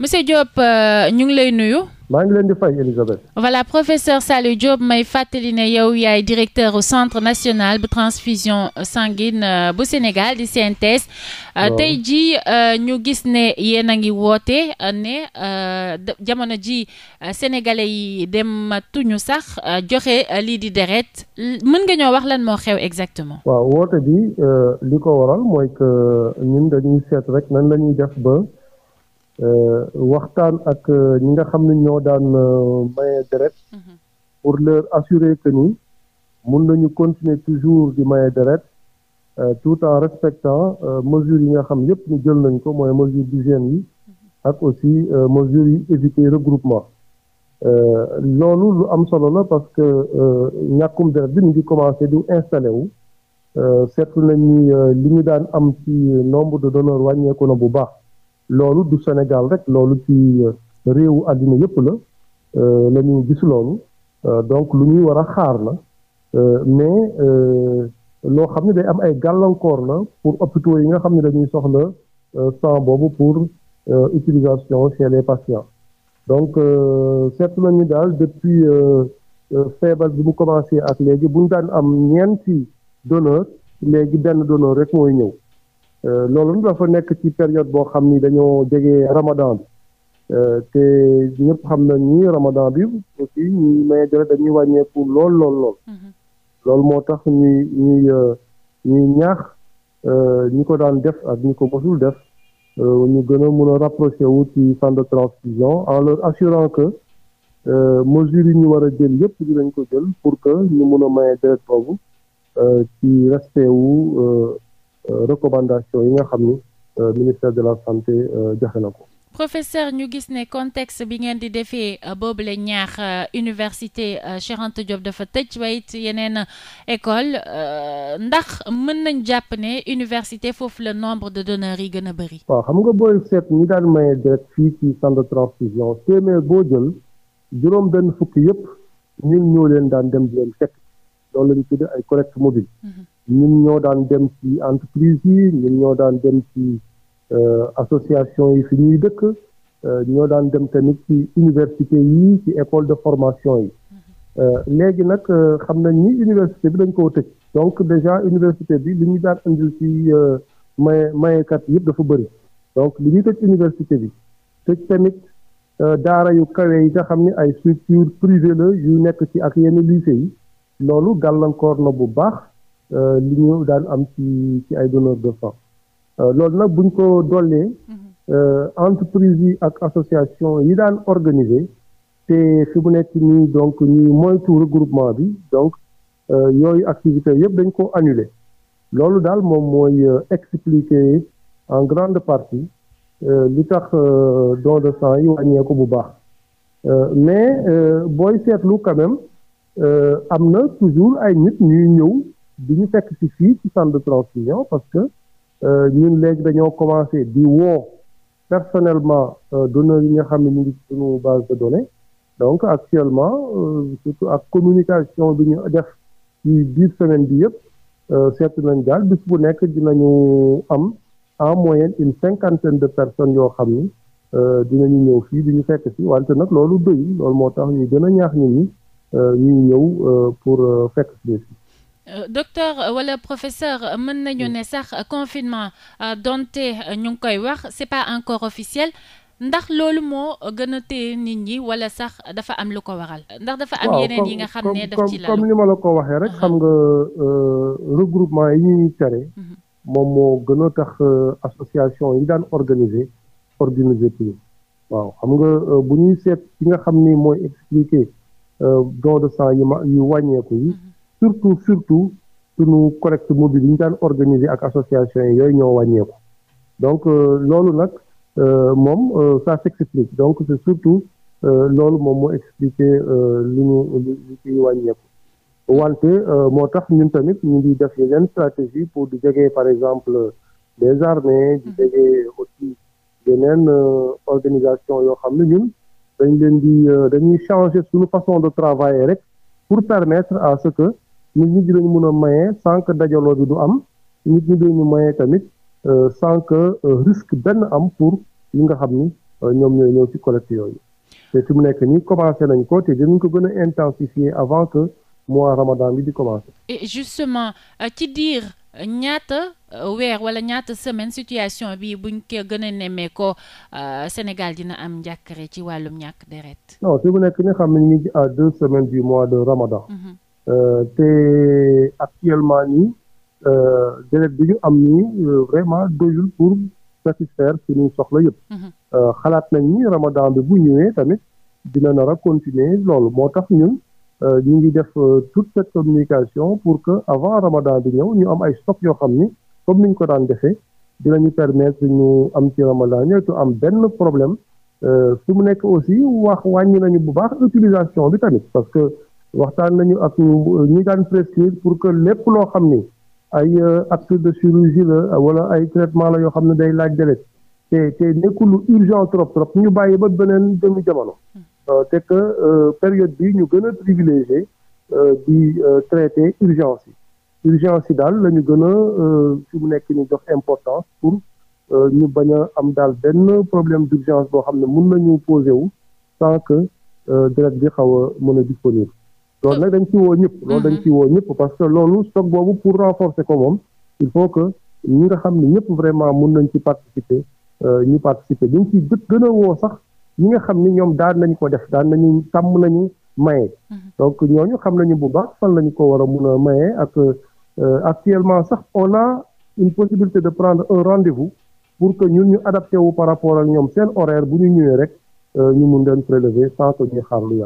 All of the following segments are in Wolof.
monsieur Diop euh, ñu ngi lay nuyu. maa ngi leen di fay Elisabeth. voilà professeur Saliou Diop may fàttali ne yow yaay directeur au centre national bu transfusion sanguine euh, bu Sénégal di CNTS. Euh, tey jii ñu gis ne yéen a ngi woote ne jamono ji sénégalais yi dem tuñu sax joxe lii di deret mën nga ñoo wax lan moo xew exactement. waaw woote bi li ko waral mooy que ñun dañuy seet rek nan la ñuy def ba. Euh, waxtaan ak euh, ñi nga xam ne ñoo daan euh, maye deret mhm. pour leur assurer que ni mun nañu continuer toujours di maye deret tout en respectant mesures yi nga xam yépp ni jël nañ ko mooy mesure d'hygiène yi mhm. ak aussi mesures yi éviter regroupement loolu lu am solo la parce que ñàkkum deret bi mu ngi commencé di installé wu seetlu nañ li ñu daan am ci nombre de donneur wàññeeku na bu baax loolu du Sénégal rek loolu ci euh, réewu àdduna yëpp la euh, la ñuy gis loolu euh, donc lu ñuy war a xaar la mais loo xam ne day am ay gàllankoor la pour hôpitaux yi nga xam ne dañuy soxla sang boobu pour utilisation chez les patients donc seetlu nañu daal depuis feebar bi mu commencé ak léegi buñ daan am ñeenti donneur léegi benn donneur rek mooy ñëw Euh, loolu dafa nekk ci période boo xam ni dañoo jege ramadan bi euh, te ñëpp xam nañ ni ramadan bi aussi ñuy may dañuy wàññeeku lool lool lool. Mhm. loolu moo tax ñuy ñuy euh, ñuy ñaax ñi ko daan def ak ñi ko mosul def ñu gën a mun a rapproché wu ci centre de transfusion en leur assurant que mesures yi ñu war a jël yëpp dinañ ko jël pour que ñu mun a maye deret boobu ci respect wu. recommandation yi nga xam ni euh, ministère de la santé euh, joxe na ko. professeur ñu gis ne contexte bi ngeen di defee euh, boobule ñaax université Cheikh Anta Diop dafa tëj waaye it yeneen école ndax mën nañ jàpp ne université foofu la nombre de donneurs yi gën a bëri. waaw xam nga booy seet ñi daan maye direct fii ci centre de transfusion téeméer boo jël juróom benn fukk yëpp ñun ñoo leen daan dem di leen fekk loolu ñu tudd ay collecte mobile. Mhm. ñun ñoo daan dem ci entreprise yi ñun ñoo daan dem ci euh, association yi fi ñuy dëkk euh, ñoo daan dem tamit ci université yi ci école de formation yi mm-hmm. euh, léegi nag xam nañ ni université bi dañ koo tëj donc déjà université bi li ñu daan indil ci maye mayekat yëpp dafa bëri donc li ñuy tëj université bi tëj tamit daara yu kawe yi nga xam ni ay structure privée la yu nekk ci ak yenn lycée yi loolu gàllankoor na bu baax Euh, li ñu daan am ci ci ay donneur de sang euh, loolu nag buñ ko dollee mhm. euh, entreprise yi ak association yi daan organiser te fi mu nekk nii donc ñuy moytu regroupement bi donc yooyu activité yëpp dañ ko annuler loolu daal moom mooy expliquer en grande partie li tax don de sang yi wàññeeku bu baax mais booy seetlu quand même am na toujours ay nit ñuy ñëw di ñu fekk si fii ci centre de transfusion parce que euh, ñun léegi dañoo commencé di woo personnellement euh, donneurs yi nga xam ne ñu ngi ci suñu base de données donc actuellement euh, surtout ak communication bi ñu def ci biir semaine bi yëpp seet nañ daal bis bu nekk dinañu am en moyenne une cinquantaine de personnes yoo xam ni dinañu ñëw fii di ñu fekk si wante nag loolu doy loolu moo tax ñuy gën a ñaax nit ñi ñuy ñëw pour fekk docteur wala professeur mën nañu mm. ne sax confinement euh, donte ñu ngi koy wax c'est pas encore officiel ndax loolu moo gën a téye nit ñi wala sax dafa am lu ko waxal ndax dafa am yeneen yi nga xam ne daf ci la waxee rek xam uh-huh. nga euh, regroupement yi ñuy tere. Uh-huh. moom moo gën a tax euh, association yi daan organiser organiser tout waaw xam nga bu ñuy seet ki nga xam ni mooy expliquer don de sang yi ma yu wàññeeku yi. Uh-huh. surtout surtout sunu collecte mobile yi ñu daan organiser ak association yi yooyu ñoo wàññeeku donc euh, loolu nag euh, moom euh, ça s'explique donc c'est surtout loolu moom moo expliquer lu ñu lu ciy wàññeeku wante moo tax ñun tamit ñu ngi def yeneen stratégie pour di jege par exemple des armées di mm-hmm. jege aussi yeneen organisation yoo xam ne ñun dañ leen di dañuy changé sunu façon de travailler rek pour permettre à ce que nit ñi dinañ mën a maye sans que dajaloo bi du am nit ñi dinañu maye tamit euh, sans que euh, risque benn am pour ñi nga xam ni euh, ñoom ñooy ñëw ci collecte yooyu te fi mu nekk nii commencé nañ koo te dinañ ko gën a intensifier avant que mois ramadan bi di commencé. et justement ci diir ñaata weer wala ñaata semaine situation bi buñ ko gën a nemmee ko Sénégal dina am njàkkare ci wàllum ñàkk deret. non fi mu nekk nii xam ne ñu ngi à deux semaines du mois de ramadan. Mm-hmm. Euh, te actuellement nii euh, délai bi ñu am nii euh, vraiment doyul pour satisfaire suñuy soxla yëpp. Mhm. xalaat nañ ni Ramadan bi bu ñëwee tamit dina nar a continuer loolu moo tax ñun ñu ngi def toute cette communication pour que avant Ramadan bi ñëw ñu am ay stock yoo xam ni comme niñ ko daan defee dinañu permettre ñu am ci Ramadan ñëwtu am benn problème. fi mu nekk aussi wax wàññi nañu bu baax utilisation bi tamit waxtaan nañu ak ñi daan prescrire pour que lépp loo xam ni ay euh, acte de chirurgie la wala ay traitement la yoo xam ne day laaj délai te te nekkul lu urgent trop trop ñu bàyyi ba beneen demi jamono hmm. euh, te que euh, période bi ñu gën a privilégié di traiter urgence yi urgence yi daal la ñu gën a fi mu nekk ñu jox important pour ñu bañ a am daal benn problème d'urgence boo xam ne mun nañu posé wu sans que deret bi xaw a mën a disponible loolu nag dañ ci woo ñëpp loolu dañ mhm. ci woo ñëpp parce que loolu stock boobu pour renforcer ko moom il faut que ñi nga xam ne ñëpp vraiment mun nañ ci participer euh, ñu participer ñu ngi ciy gën a woo sax ñi nga xam ni ñoom daal nañ ko def daan nañu tàmm nañu maye mhm. donc ñoo ñu xam nañu bu baax fan lañu ko war mun a maye ak euh, actuellement sax on a une possibilité de prendre un rendez-vous pour que ñun ñu adapté wu par rapport ak ñoom seen horaire bu ñu ñëwee rek euh, ñu mun leen prélever sans ñuy xaar lu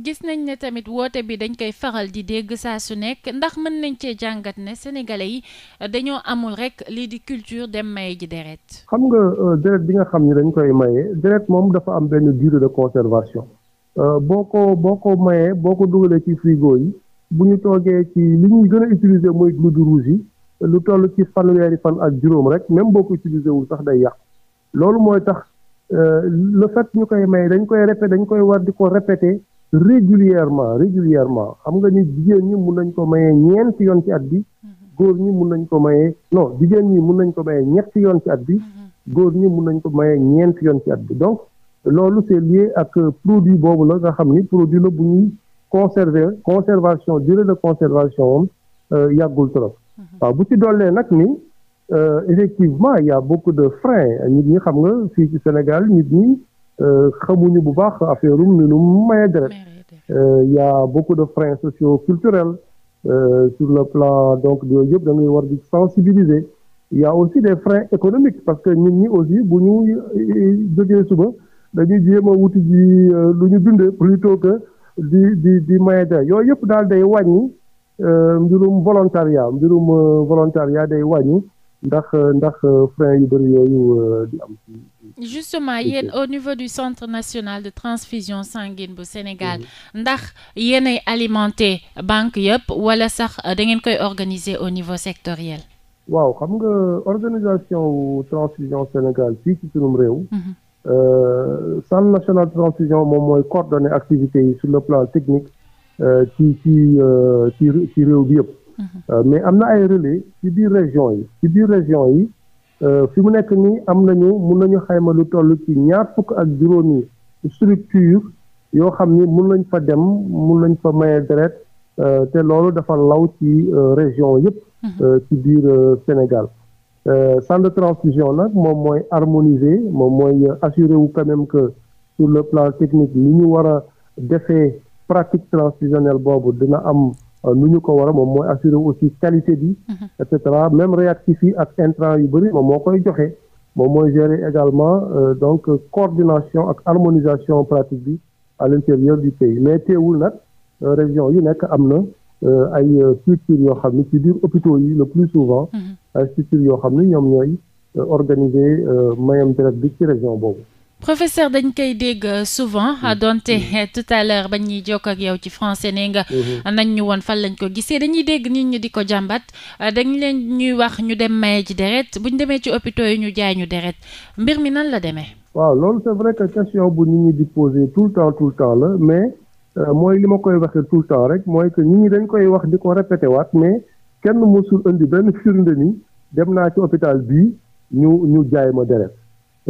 gis nañ ne tamit woote bi dañ koy faral di dégg saa su nekk ndax mën nañ cee jàngat ne sénégalais yi euh, dañoo amul rek lii di culture dem maye ji deret xam nga euh, deret bi nga xam ni dañ koy maye deret moom dafa am benn durée de conservation euh, boo ko boo ko mayee boo ko dugalee ci frigo yi bu ñu toogee ci li ñuy gën a mooy glude rouge yi lu toll ci fanweeri fan ak juróom rek même boo ko utiliser wul sax day yàq loolu mooy tax le fait ñu koy may dañ koy répété dañ koy war di régulièrement régulièrement xam nga ni jigéen ñi mun nañ ko mayee ñeenti yoon ci at bi mm-hmm. góor ñi mun nañ ko mayee no jigéen ñi mun nañ ko mayee ñetti yoon ci at bi mm-hmm. góor ñi mun nañ ko mayee ñeenti yoon ci at bi donc loolu c'est lié ak produit boobu la nga xam ni produit la bu ñuy conservé conservation durée de conservation am euh, yàggul trop mm-hmm. waaw bu ci dollee nag ni euh, effectivement il y a beaucoup de freins nit ñi xam nga fii ci Sénégal nit ñi xamuñu bu baax affaire um ni nu maye deret euh, y a beaucoup de freins socio culturels euh, sur le plan donc yooyu yëpp da war di sensibiliser y a aussi des freins économiques parce que nit ñi aussi bu ñu euh, jógee suba dañuy jéem a wuti ji lu ñu dundee plutôt que di di di maye deret yooyu yëpp daal day wàññi mbirum volontariat mbirum volontariat day wàññi ndax ndax frein yu bëri yooyu euh, di am. justement yéen au niveau du centre national de transfusion sanguine bu Sénégal mhm. ndax yéenay alimenter banque yëpp wala sax da ngeen koy organiser au niveau sectoriel. waaw xam nga organisation wu transfusion Sénégal fii ci sunum réew. Mhm. Euh, centre national de transfusion moom mooy coordonner activités yi sur le plan technique euh, ci ci réew bi yëpp. Euh, mais am na ay relais ci biir région yi ci biir région yi euh, fi mu nekk nii am nañu mun nañu xayma lu toll ci ñaar fukk ak juróomi structure yoo xam ni mun nañ fa dem mun nañ fa maye deret euh, te loolu dafa law ci région yëpp mhm. ci biir Sénégal centre de transfusion nag moom mooy harmoniser moom mooy assurer wu quand même que sur le plan technique li ñu war a defee pratique transfusionnelle boobu dina am Euh, nu ñu ko war a moom mooy assurer aussi qualité bi. Mhm. et cetera même réactif yi ak intrant yu bëri moom moo koy joxe. moom mooy gérer également euh, donc coordination ak harmonisation pratique bi à l'intérieur du pays mais teewul nag euh, région yi nekk am na ay structures yoo xam ne ci biir hôpitaux yi le plus souvent. Mhm. ay structures yoo xam ni ñoom ñooy organiser mayam deret bi ci région boobu. professeur dañ koy dégg euh, souvent mm-hmm. ah, donte mm-hmm. tout à l'heure ba ñuy jokk ak yow ci français nee nga mm-hmm. nañ ñu woon fan lañ ko gisee dañuy dégg nit ñi di ko jàmbat euh, dañ leen ñuy wax ñu dem maye ji deret buñ demee ci hôpitaux yi ñu jaay ñu deret mbir mi nan la demee waaw loolu c'est vrai que question bu nit ñi di tout le temps tout le temps la mais euh, mooy li ma koy waxee tout le temps rek mooy que nit ñi dañ koy wax di ko répété waat mais kenn mosul indi benn firnde ni dem naa ci hôpital bii ñu ñu jaay ma deret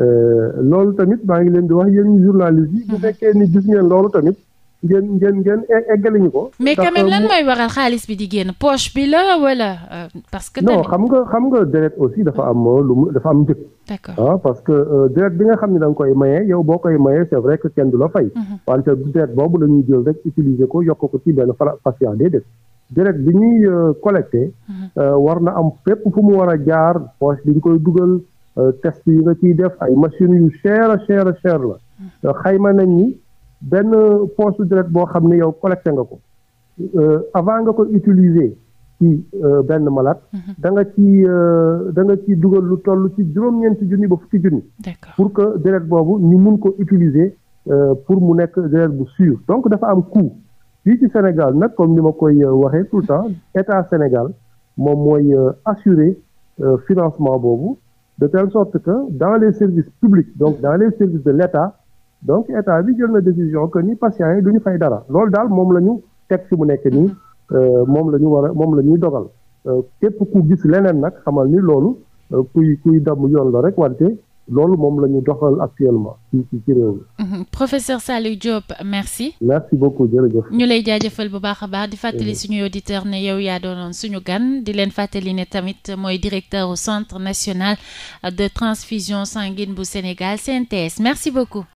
Euh, loolu tamit maa ngi leen di wax yéen journaliste yi bu fekkee ni gis ngeen loolu tamit ngeen ngeen ngeen e-, eggali ñu ko. mais quand même euh, lan mooy waral xaalis bi di génn poche bi la wala euh, parce que. non xam nga xam nga deret aussi dafa am lu mu dafa am njëg. d'accord ah, parce que deret bi nga xam ne da koy maye yow boo koy mayee c'est vrai que kenn du la fay. Mhm. wante deret boobu la ñuy jël rek utiliser ko yokk ko ci benn patient déedéet. deret bi ñuy collecté. Mhm. war na am fépp fu mu war a jaar poche bi ñu koy dugal. Euh, test yi nga ciy def ay machines yu cher a cher a cher la mm-hmm. euh, xayma nañ ni benn poche su boo xam ne yow collecté nga ko euh, avant nga ko utiliser ci benn malade mm-hmm. da nga ci da nga ci dugal lu toll ci juróom-ñeenti junni ba fukki junni pour que deret boobu ñu mun ko utiliser pour mu nekk deret bu sûr donc dafa am coût fii ci Sénégal nag comme ni ma koy waxee tout le temps mm-hmm. état Sénégal moom mooy assurer financement boobu de telle sorte que dans les services publics donc dans les services de l'État donc état bi jël na décision que ni patients yi du ñu fay dara loolu daal moom la ñu teg fi mu nekk nii euh, moom la ñu war moom la ñuy dogal euh, képp ku gis leneen nag xamal ni loolu euh, kuy kuy damm yoon la rek wante loolu moom la ñu doxal actuellement ci ci réew mhm. professeur Saliou Diop merci. merci beaucoup jërëjëf. ñu lay jaajëfal bu baax a baax di fàttali mhm. suñuy auditeurs ne yow yaa doonoon suñu gan di leen fàttali ne tamit mooy directeur au centre national de transfusion sanguine bu Sénégal CNTS merci beaucoup.